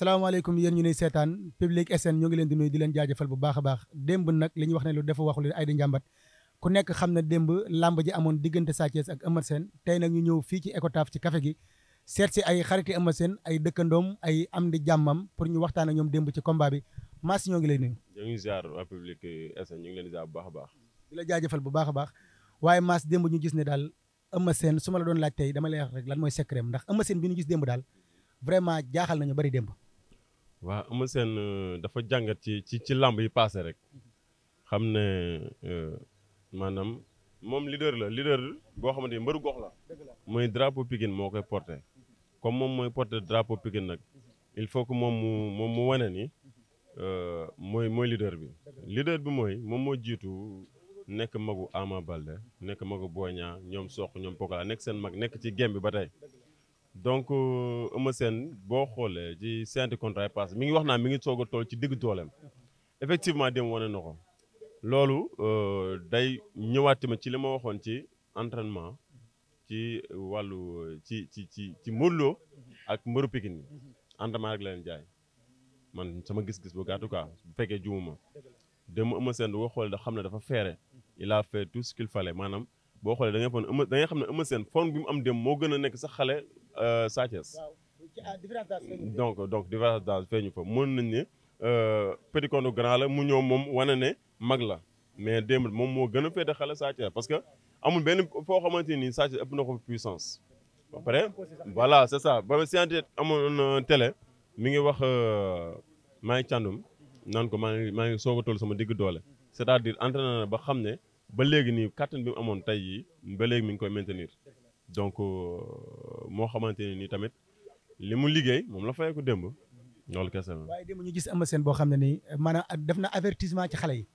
salaamaaleykum yéen ñu nuy seetaan Public SN ñoo ngi leen di nuyu di leen jaajëfal bu baax a baax démb nag ñu wax ne lu dafa waxu leen ay nekk xam na démb làmb ji amoon diggante Sa Thiès ak tey nag ñu ñëw fii ci Ecotaf ci café gi seet si ay xariti Eumeu Sène ay dëkkandoom ay am di jàmmam pour ñu waxtaan ak ñoom démb ci combat bi Mass ñoo ngi lay nuyu. ñoo ngi ziar waa ngi leen di ziar bu baax a baax. la jaajëfal bu baax a baax waaye maas démb ñu gis ne daal Eumeu seen su ma la doon laaj tey dama la wax rek lan mooy secret ndax Eumeu bi ñu gis démb daal vraiment jaaxal nañu bari démb waa Eumeu Sène euh, dafa jàngat ci ci ci làmb yi paase rek xam ne euh, maanaam moom leader la leader boo xam ni mbëru gox la mooy drapeau Pikine moo koy porté comme moom mooy porté drapeau Pikine nag il faut que moom mu moom mu wane ni euh, mooy mooy leader bi leader bi mooy moom moo jiitu nekk magu Ama Baldé nekk magu Boy Niang ñoom Sokh ñoom Pokola nekk seen mag nekk ci gem bi ba tey donc euh, Eumeu Sène boo xoolee ci cinq contrat yi passé mi ngi wax naa mi ngi soog a tool ci digg dooleem effectivement dem wane na ko loolu euh, day ñëwaat ma ci li ma waxoon ci entrainement ci wàllu ci ci ci ci Modou ak mbëru Pikine yi entraînement rek la leen jaay man sama gis-gis bu gàttu quoi bu fekkee juumuma dem Eumeu Sène boo xoolee da xam ne dafa feere il a fait tout ce qu'il maanaam boo xoolee da ngay foon da xam ne Eumeu Sène forme bi mu am dem moo gën a nekk sax xale Euh, Sa Thiès ah, donc donc différence d'âge feeñu fa mën nañ ni euh, Petit Condé grand la mu ñëw moom wane ne mag la mais démb moom moo gën a féete xale Sa parce que amul benn foo xamante nii Sa Thiès ëpp na ko puissance ba pare voilà c'est ça ba scientifique amoon télé mi ngi wax maa ngi càndum naan ko maa ngi maa ngi soog a toll sama digg doole c'est-à-dire entraîné na ba xam ne ba léegi nii kàttan bi mu amoon tey yi ba léegi mi ngi koy maintenir donc euh, moo xamante ne ni tamit li mu liggéey moom la fayeeku démb loolu kese la. waaye démb ñu gis Eumeu Sène boo xam ne nii maanaam def na avertissement ci xale yi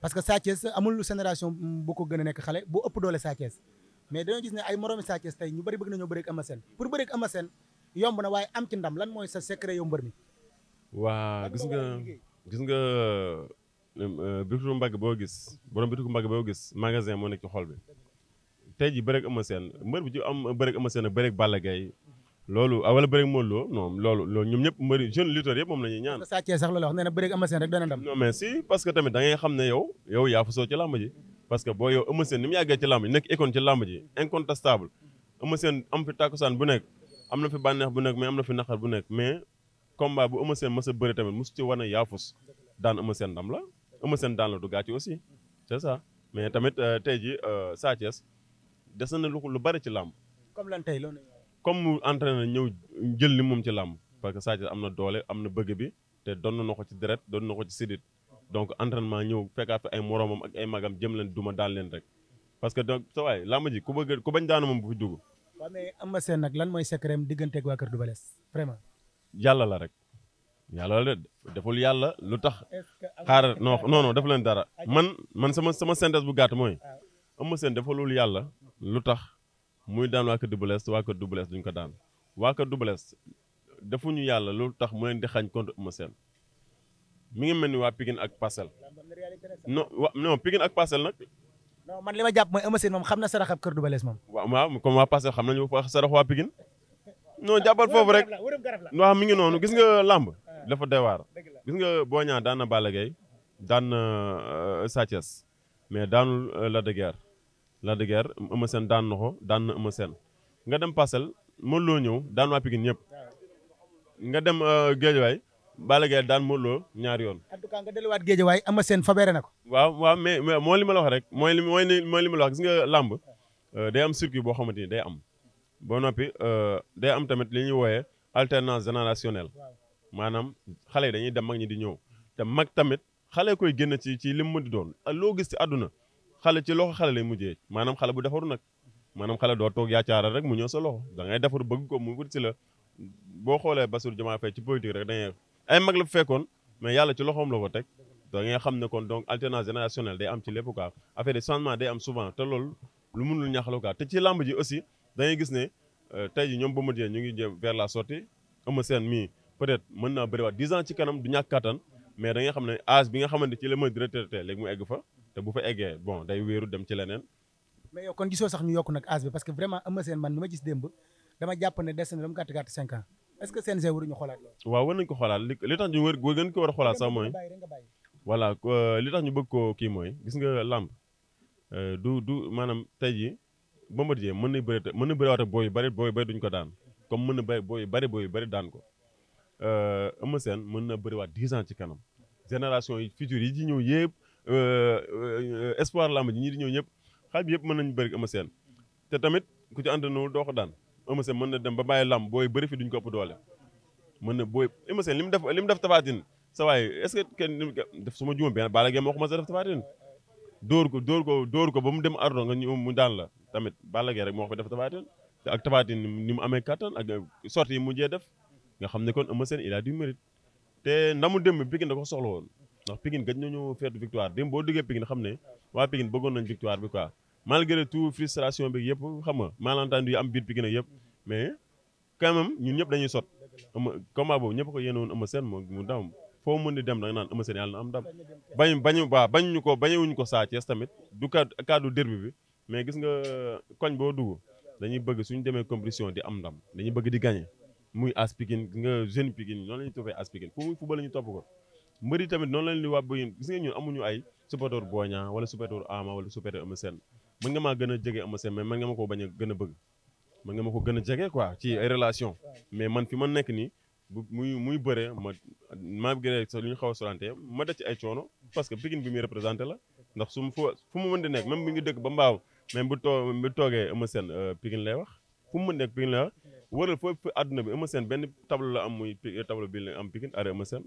parce que Sa Thiès amul génération bu ko gën a nekk xale boo ëpp doole Sa mais dañoo gis ne ay moroomi Sa tey ñu bari bëgg nañoo bëreeg Eumeu Sène pour bëreeg Eumeu yomb na waaye am ci ndam lan mooy sa secret yow mbër mi. waa gis nga gis nga euh, euh, bitiku mbagg boo gis borom bitiku mbagg boo gis magasin moo nekk ci xol bi. tey ji bëreeg Eumeu Sène mbër bu ci am bëreeg Eumeu Sène bëreeg Balla gay loolu awala ah, bëreeg Modou Lo non loolu ñom ñoom ñëpp mbëri jeune lutteur yëpp mom la ñaan sa sàccee sax loolu wax nee na bëreeg Eumeu Sène rek dana ndam non mais si parce que tamit da ngay xam yow yow ya fa soo ci làmb ji parce que bo yow Eumeu Sène ni mu ci làmb nek nekk ci làmb ji incontestable Eumeu Sène am fi takusan bu nek amna fi banex bu nek mais amna fi naxar bu nek mais combat bu Eumeu Sène mës a tamit mosu ci wane yaafus daan Eumeu Sène ndam la Eumeu Sène daan la du gati aussi c'est ça mais tamit euh, tey ji euh, Sa Thiès des na lu lu bari ci làmb. comme lan tey loolu comme mu entraîné ñëw jël li moom ci làmb. parce que Sadio am na doole am na bëgg bi te doon na ko ci deret doon na ko ci sidit donc entraînement ñëw fekkaat fi ay moromam ak ay magam jëm leen duma daal leen rek parce que donc sa waay làmb ji ku bëgg ku bañ daanu moom bu fi dugg. waaw mais Eumeu Sène nag lan mooy secret am digganteeg waa Kër Double Less yàlla la rek. yàlla la deful yàlla lu tax xaar non non def leen dara man man sama sama synthèse bu gàtt mooy Eumeu Sène defalul yàlla lu tax muy daan waa kër Double Less waa kër ko daan waa kër Double Less defuñu yàlla loolu tax mu leen di xañ contre Eumeu Sène mi ngi mel ni waa Pikine ak Parcelles non wa non Pikine ak parcel nag. man li ma jàpp mooy Eumeu Sène moom xam na saraxam kër Double Less moom. waaw waaw comme waa Parcelles xam nañu wax sarax waa Pikine non jàppal foofu rek waaw mi ngi noonu gis nga làmb ah. dafa doy waar gis nga Boy daan na Balla Gaye daan na euh, mais daanu euh, la de Guiers Lac de Guiers Eumeu Sène daan na ko daan na Eumeu nga dem Parcelles Modou loo ñëw daan waa Pikine ñëpp nga dem euh, Guédiawaye Balla Gaye daan Modou Lo ñaari yoon. en tout cas nga delluwaat Guédiawaye Eumeu na ko. waaw waaw mais moo li ma la wax rek mooy li mooy li ma la wax gis nga làmb euh, day am circuit boo xamante ni day am ba noppi euh, day am tamit li ñuy wooyee alternance générationnelle maanaam xale yi dañuy dem mag ñi di ñëw te mag tamit xale koy génn ci ci li mu di doon loo gis ci àdduna. xale ci loxo xale lay mujjee maanaam xale bu defaru nag maanaam xale doo toog yaacaaral rek mu ñëw sa loxo da defaru bëgg ko mu wut si la boo xoolee Bassirou Diomaye Faye ci politique rek dañuy ay mag la fekkoon mais yàlla ci loxoom la ko teg da xam ne kon donc alternance générationnelle day am ci lépp quoi affaire de changement day am souvent te lool lu mënul ñaxalu quoi te ci làmb ji aussi da ngay gis ne euh, tey ji ñoom ba ma ñu ngi jëm vers la sortie Eumeu Sène mën naa bëriwaat 10 ans ci kanam du kattan mais da ngay xam ne nga xamante ci la ma retraité léegi mu fa te bu fa eggee bon day wéeru dem ci leneen. mais kon gisoo sax ñu yokk nag âge parce que vraiment Eumeu Sène man ni ma gis démb dama jàpp ne des na dama gàtt gàtt cinq ans est-ce que CNG waruñu xoolaat loolu. waaw a xoolaat sax euh, li tax ñu bëgg koo kii mooy gis nga làmb euh, du du maanaam tey jii Bombardier mën na bëri mën na bëri waate booy yu bëri booy bëri duñu ko daan comme mën na bëri booy yu bëri booy yu bëri daan ko euh, Eumeu Sène mën na bëriwaat 10 ans ci kanam génération yi future yi ci ñëw yëpp Euh, euh, espoir lamb ji ñii di ñëw ñëpp xaaj bi yëpp mën nañu bëri ak Eumeu Sène te tamit ku ci àndanawul doo ko daan Eumeu Sène mën na dem ba bàyyi lamb booy bëri fi duñ ko doole mën na booy Eumeu li mu def li mu def tafaatin sa waay est-ce que kenn def su ma juumee benn Balla Gaye moo ko mos a def tafaatin dóor ko dóor ko ba mu dem ardo nga ñu mu daan la tamit Balla Gaye rek moo ko def tafaatin te ak tafaatin ni mu amee kattan ak sorti yi mu jee def nga xam ne kon Eumeu Sène il a du mérite te ndamu démb Pikine da ko soxla woon ndax Pikine gëj nañu feetu victoire démb boo duggee Pikine xam ne waa Pikine bëggoon nañ victoire bi quoi malgré tout frustration bi yëpp xam nga malentendu yi am biir Pikine ak yëpp mais quand même ñun ñëpp dañuy sot ama combat boobu ñëpp ko yéene woon ama seen moo mu dam foo mën di dem da nga naan ama seen yàlla na am dam bañ bañu waa bañuñu ko bañewuñu ko Sa Thiès tamit du ka kaddu derbi bi mais gis nga koñ boo dugg dañuy bëgg suñu demee compétition di am ndam dañuy bëgg di gagné muy as Pikine nga jeune Pikine noonu la ñuy toppee ba la ñu topp ko mbër yi tamit noonu lañ li wàbbu yéen gis nga ñun amuñu ay supporteur Boña wala supporteur Ama wala supporteur Eumeu Sène mën nga maa gën a jege Eumeu Sène mais mën nga ma ko bañ a gën a bëgg mën nga ma ko gën a jege quoi ci ay relation mais man fi ma nekk nii bu muy muy bëre ma maa ngi lu ñu xaw a ma ay coono parce que Pikine bi muy représenté la ndax su ma fu mu mën di même bi ngi dëkk ba mbaaw mais bu too bu toogee Eumeu Sène euh, Pikine lay wax fu mu mën di nekk Pikine lay wax wëral foofu àdduna bi Eumeu seen benn tableau la am muy tableau bi la am Pikine are Eumeu Sène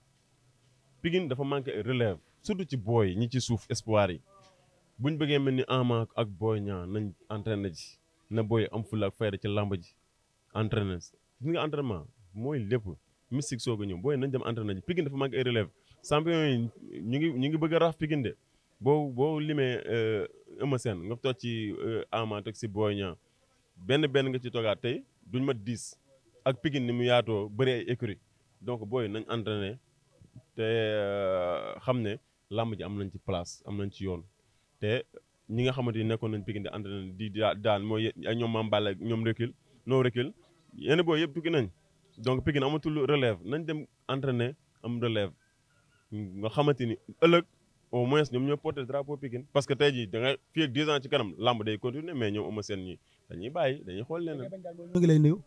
Pikine dafa manqué ay surtout ci booy ñi ci suuf espoir yi buñ bëggee mel ni Ama ak Boy Niang nañ entraîné ji na booy am fulla ak fayda ci làmb ji entraîné gis nga entraînement mooy lépp mystique soog a ñëw booy nañ dem entraîné ji Pikine dafa manqué ay relève yi ñu ngi ñu ngi bëgg a raaf de boo boo limee euh, Eumeu Sène nga toog ci euh, Ama teg si Boy Niang benn benn nga ci toogaat tey duñ mat 10 ak Pikine ni mu yaatoo bëri ay écurie donc booy nañ entraîné te euh, xam ne làmb ji am nañ ci place am nañ ci yoon te ñi nga xamante ni nekkoon nañ Pikine di entraîné di daan mooy ay ñoom Mame Balla ñoom recul noo recul yenn booy yëpp tukki nañ donc Pikine amatul relève nañ dem entraîné am relève nga xamante ni ëllëg au moins ñoom ñoo porté drapeau Pikine parce que tey jii da nga fii ans ci kanam làmb day continuer mais ñoom ama seen ñi dañuy bàyyi dañuy xool leneen. ñu ngi lay nuyu.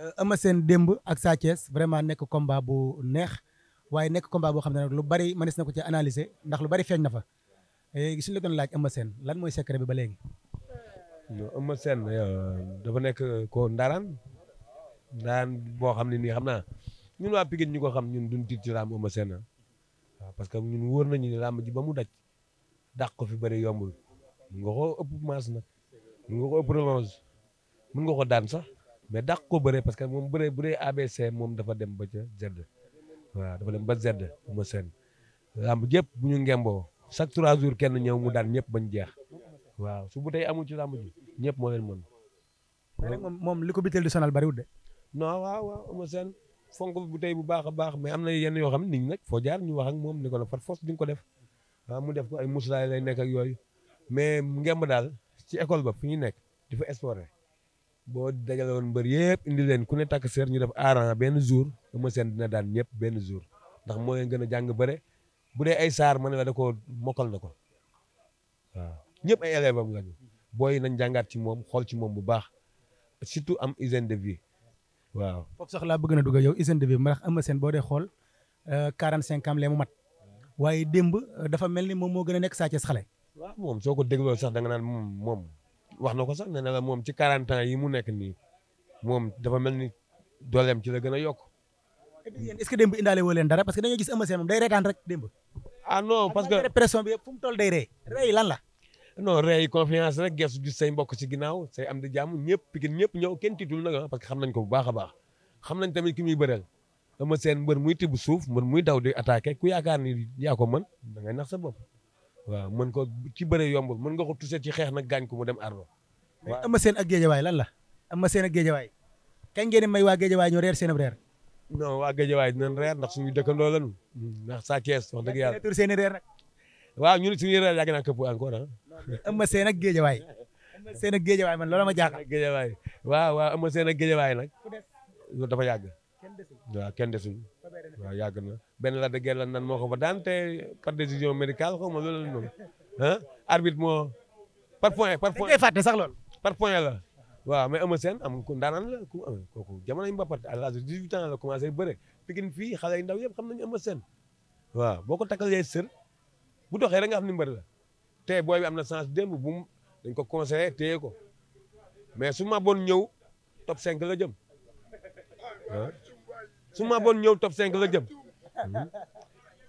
Euh, Eumeu Sène démb ak Sa Thiès vraiment nekk combat bu neex waaye nekk combat boo xam ne nag lu bari mënees na ko ci analyser ndax lu bari feeñ na fa eh, suñu la doon laaj Eumeu Sène lan mooy secret bi ba léegi. Euh, nekk euh, ko ndaraan ndaraan boo xam ne nii xam naa ñun waa Pikine ñu ko xam ñun dun tiit ci làmb Eumeu Sène waaw parce que ñun wóor na ne làmb ji ba mu daj dàq ko fi bari yombul mun nga ko ëpp maas nag mun nga ko ëpp relance mun nga ko daan sax. mais dak ko beure parce que mom beure beure ABC mom dafa dem ba ca Z waaw dafa dem ba zed mo sen lamb jëpp bu ñu ngemboo chaque 3 jours kenn ñew mu daan ñep bañ jeex wa su bu tay amul ci lamb ji ñep mo leen mën. mom mom liko bitel du sonal bari wu de. non wa wa mo sen fonk bu tay bu baax baax mais amna yenn yo xamni ne nak fo jaar ñu wax ak mom ni ko la far force di nga ko def wa mu def ko ay musulay lay nekk ak yoy mais ngemb daal ci école ba fu ñu nekk difa explorer boo dajale woon mbër yëpp indi leen ku ne takk seer ñu def aaran benn jour Eumeu seen dina daan ñëpp benn jour ndax moo leen gën a jàng bëre bu dee ay saar ma ne la da koo mokkal na ko waaw ñëpp ay élève am lañu nañ jàngaat ci moom xool ci moom bu baax surtout am hygiène de vie waaw. foofu sax laa bëgg na dugg yow hygiène de vie ndax Eumeu seen boo dee xool 45 euh, ans lee mu mat waaye démb euh, dafa mel ni moom moo gën a nekk saa ci xale. waaw moom soo ko dégloo sax da nga naan moom. wax na ko sax ne na la moom ci 40 ans yi mu nekk nii moom dafa mel ni dooleem ci la gën a yokk. est-ce que démb indaale woo leen dara parce que dañoo gis Eumeu Sène moom day reetaan rek démb. ah non que pression bi fu mu toll day rey. lan la. non rey confiance rek gerte gis say mbokk ci ginnaaw say am di jàmm ñëpp Pikine ñëpp ñëw kenn tiitul nag parce que xam nañ ko bu baax a baax xam nañ tamit ki muy bëreel Eumeu Sène mbër muy ti bu suuf mbër muy daw di attaqué ku yaakaar ni yaa ko man da ngay nax sa bopp. waaw mën ko ci bëre yombul mën nga ko touché ci xeex nag gaañ ko mu dem ar waaw ma Sène ak Géejawaay lan la Eumeu Sène Géejawaay kañ ngeen may waa Géejawaay ñoo reer seen reer non waa Géejawaay dinañ reer ndax suñu dëkkandoo lañu ndax Sa Thiès wax yàlla tur seen reer nag waaw ñun suñu reer yàgg naa këpp encore ah Eumeu Sène ak Géejawaay Eumeu Sène ak man loolu ma jaaxal Géejawaay waaw waaw Eumeu Sène ak Géejawaay nag loolu dafa yàgg waaw kenn desul waaw yàgg na benn la de la nan moo ko fa daan te par décision médicale xaw ma loolu la noonu ah arbitre moo par point par point. da sax loolu. par point la waaw mais Eumeu seen am ku ndaanaan la ku euh, kooku jamono yi mbappat à l'âge de 18 ans la commencé bëre Pikine fii xale yu ndaw yëpp xam nañu Eumeu Sène waaw boo ko takkalee sër bu doxee rek nga xam ni mbër la te booy bi am na sens démb bu mu dañ ko conseillé téye ko mais su ma bon ñëw top 5 la jëm ah su ma bon ñëw top 5 la jëm. Hmm?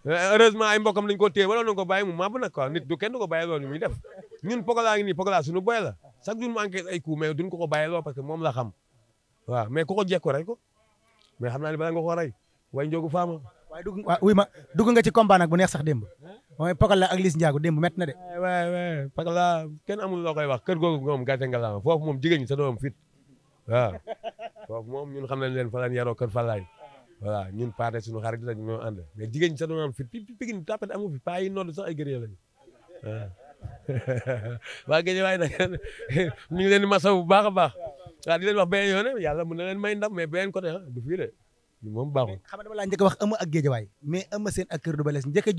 Eh, heureusement ay mbokkam dañu ko téye wala nañu ko bàyyi mu màbb nag quoi nit du kenn du ko bàyyi loolu muy def ñun Pokola ngi nii Pokola suñu boy la chaque jour mu enquête ay coup mais duñ ko ko bàyyi loo parce moom la xam waaw mais ko jekko rey ko mais xam naa ne ko rey way njogu faama waaye dugg ma dugg nga ci combat nag bu neex sax démb mooy Pokola ak Liss Ndiago démb métti na de waay waay Pokola kenn amul loo ko wax kër googu moom gàcce nga la sa doom fit waaw foofu moom ñun xam nañ leen fa yaroo kër Falaye voilà ñun paate suñu xarit lañ ñoo ànd mais jigéen ñi sax doon am fit yi nodd sax ay gëree lañu waaw waa géej waaye nag ñu ngi baax a baax waaw di leen wax beneen yoon yàlla mën na leen may ndam mais beneen côté ah du fii de a a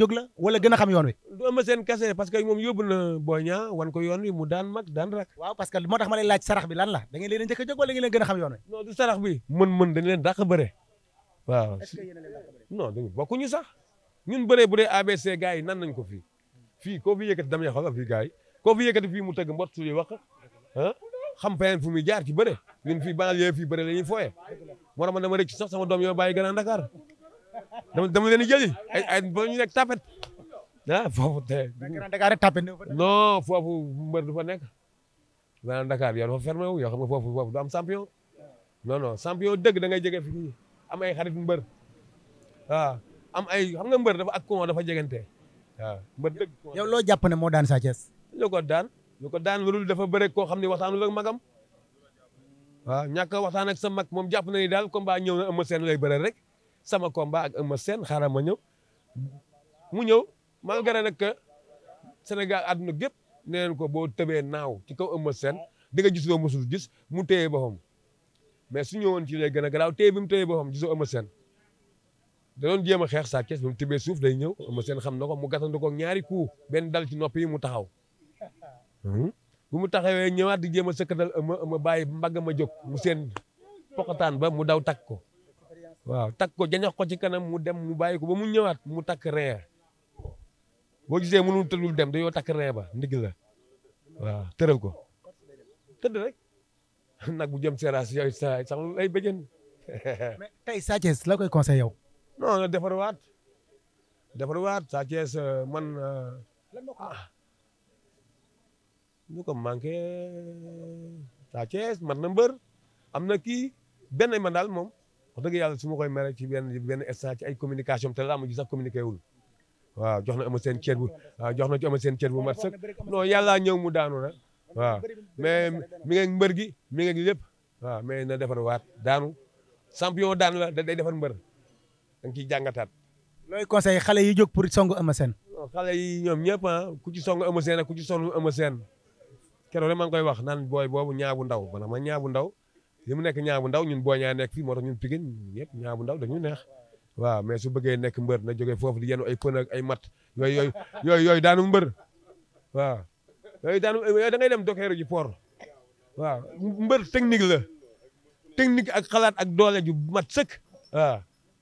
jóg a xam yoon wi du ëmb seen kese parce que moom yóbbu yoon wi mu daan mag daan rak waaw parce bi lan la da ngeen leen a njëkk a jóg leen gën a du sarax bi mën-mën dañ leen dàq waaw non dégg bokkuñu sax ñun bëree bu dee ABC gars yi nan nañ ko fii fii ko fi yëkkati dam xam fii gars yi koo fi yëkkati fii mu tëgg mbot suñuy wax ah xam feneen fu muy jaar ci bëre fi fii banal yooyu fii bëre la ñuy fooye moo tax man dama rëcc sax sama doom yoo bàyyi Grand Dakar dama dama leen jëli ay ay ba ñu nekk tapet ah foofu te Grand Dakar tapet non foofu mbër du fa nekk Grand Dakar yow dafa fermé wu yow xam nga foofu foofu du am champion non non champion dëgg da ngay jege fi am ay xarit mbër waaw am ay xam nga mbër dafa ak kumoo dafa jegante waaw yow loo jàpp ne moo daan Sa Thiès lu ko daan lu ko warul dafa bëre koo xam ni waxtaanu ak magam waaw ñàkk ak sa mag moom jàpp na ni daal combat ñëw na Eumeu Sène lay bëre rek sama combat ak Eumeu Sène xaaral ma ñëw mu ñëw malgré nag Sénégal àdduna gépp nee ko boo tëbee naaw ci kaw Eumeu Sène di nga gis loo mosul gis mu téye boppam mais su ñëwoon ci lay gën a garaaw téye bi mu téye boppam gisoo Eumeu Sène da doon jéem a xeex Sa Thiès bi mu tibbee suuf day ñëw Eumeu Sène xam na ko mu gàttandu ko ñaari coup benn dal ci nopp yi mu taxaw hmm? bu mu taxawee ñëwaat di jéem a sëkkatal Eumeu Eumeu bàyyi mbagg ma jóg mu seen poqataan ba mu daw takk ko waaw takk ko jañax ko ci kanam mu dem mu bàyyi ko ba mu ñëwaat mu takk ree boo gisee mënul tëddul dem dañoo takk ree ba ndig la waaw tëral ko tëdd rek nag bu jëm seeraas yow sax lay bëjën. mais tey Sa Thiès la koy conseil yow. non non defarwaat defarwaat Sa Thiès euh, man. Euh, a moo ko ñu ah. ko manqué euh, Sa man na mbër am na kii benn man daal moom wax dëgg yàlla su ma koy ci benn benn instant ci ay communication te laa ma ji sax communiqué wul. waaw jox na ama seen cër bu jox na ci seen cër bu mat sëkk non yàlla ñëw mu daanu na. waaw mais mi ngi mbër gi mi ngi lépp waaw na defar waat daanu champion daan la day defar mbër da nga ciy jàngataat. looy conseil xale yi jóg pour songu Eumeu Sène. xale yi ñoom ñëpp ah ku ci songu Eumeu Sène ak ku ci songu Eumeu Sène keroog rek maa ngi koy wax naan booy boobu ñaabu ndaw man ma ñaabu ndaw yi mu nekk ñaabu ndaw ñun booy ñaa nekk fii moo tax ñun Pikine ñëpp bu ndaw dañu neex. waaw mais su bëggee nekk mbër na joge foofu di yenu ay pën ay mat yooyu yooyu yooyu daanu mbër yooyu daan yooyu da ngay dem dokeeru ji port waaw mbër technique la technique ak xalaat ak doole ju mat sëkk waaw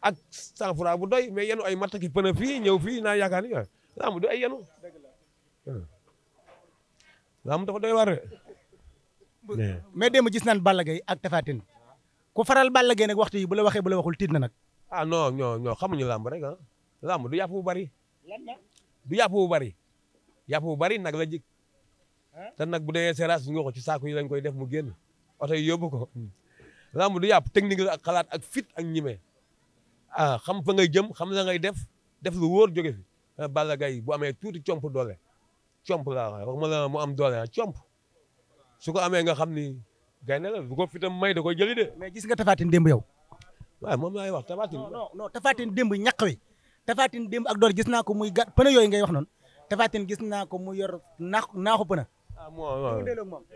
ak cent franc bu doy mais yenu ay mataki pëna fii ñëw fii naa yaakaar ni lamb du ay yenu lamb dafa doy war mais démb gis naan Balla Gaye ak Tapha Tine ku faral Balla Gaye nag waxtu yi bu la waxee bu la waxul tiit na nag ah non ñoo ñoo xamuñu lamb rek ah lamb du yàpp bu bari du yàpp bu bari yàpp bu bari nag la jik te nag bu demee seeraas ñu ko ci saako yi lañ koy def mu génn oto yi yóbbu ko. lamb du yàpp technique la ak xalaat ak fit ak ñime ah xam fa ngay jëm xam la ngay def def lu woor jóge fi eh, Balla Gaye bu amee tuuti comp doole comp la wax ma mu am doole ah comp su ko amee nga xam ni gaynde la bu ko fitam may da koy jëli de. mais gis nga Taphatine démb yow. waaw moom laay wax Taphatine. non non Taphatine démb ñaq wi Taphatine démb ak doole gis naa ko muy gàtt pënë yooyu ngay wax noonu Taphatine gis naa ko mu yor naaxu naaxu pënë moom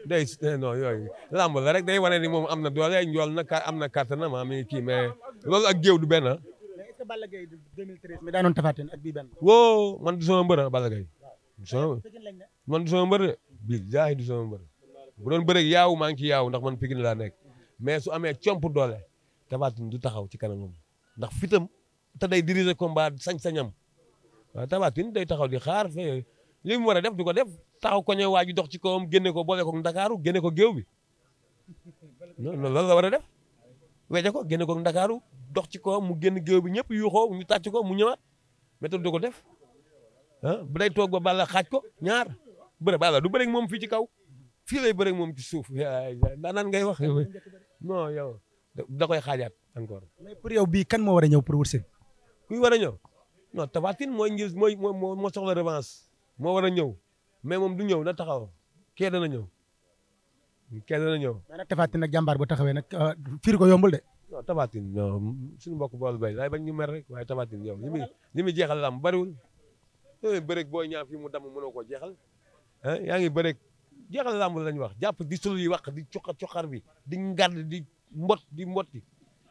day eh, non yooyu làmb la rek day wane ni moom am na doole njool na ka am na kàttan maa ah, mi kii mais lool ak géew du benn ah. mais est-ce que Balla woo man du sama mbër ah, Balla Gaye. du sama man du sama mbër de. du sama mbër bu doon bëreeg yaaw maa ngi ci yaaw ndax man Pikine laa nekk mais su amee comp doole tafaatin du taxaw ci kana kanamam ndax fitam te day diriger combat sañ-sañam waaw tafaatin day taxaw di xaar fee li mu war a def du ko def taxaw ko ñe waa ji dox ci kawam génne ko boole ko Ndakaaru génne ko géew bi loolu la war a def weje ko génne ko Ndakaaru dox ci kawam mu génn géew bi ñëpp yuuxoo ñu tàcc ko mu ñëwaat méthode du ko def ah bu day toog ba bala xaaj ko ñaar bëre balla du bëreeg moom fii ci kaw fii lay bëreeg moom ci suuf naan ngay wax non yow da koy xaajaat encore. mais pour yow bii kan moo war a ñëw pour wërsëg. kuy war a ñëw non Tapha Tine mooy ngir mooy moo soxla revanche. mo wara ñew mais mom du ñew na taxaw ké dana ñëw kee dana ñëw. mais nag Tapha Tine nag jàmbaar bu taxawé nak euh, fir ko yombul dé non Tapha Tine suñu mbokk bool bay laay bañ ñu mer rek waaye Tapha ñew ñimi ñimi jéxal li muy jeexal la am bariwul loolu eh, bëreeg mu dam mëno ko jéxal hein yaangi bërek jéxal jeexal eh, lañ wax japp di sulu yi wax di coxa coxar bi di ngard di mbot di mbotti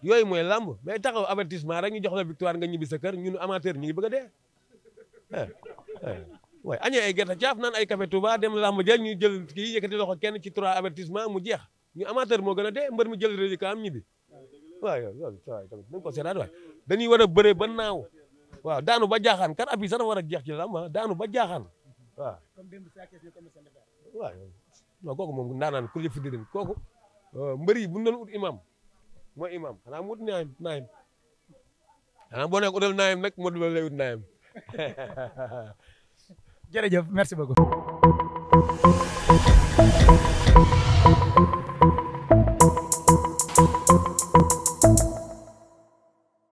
yoy moy lamb mais taxaw avertissement rek ñu jox la victoire nga ñibi sa kër ñun amateur ñi bëgg dé waaye añee ay gerte caaf naan ay café Touba dem làmb ja ñu jël kii yëkkati loxo kenn ci trois avertissement mu jeex ñu amateur moo gën a dee mbër mu jël résultat am ñibbi waaw yow ko seetaat waay dañuy war a bëree ba naaw waaw daanu ba jaaxaan kan ab yi sax war a jeex ci ah, daanu ba jaaxaan waaw waaw non kooku moom ndaanaan ku yëf di den kooku euh, mbër yi bu ñu doon ut imam mooy imam xanaa mu ut naayam naayam xanaa boo nekk utal naayam nag moo lay ut naayam jërëjëf merci beaucoup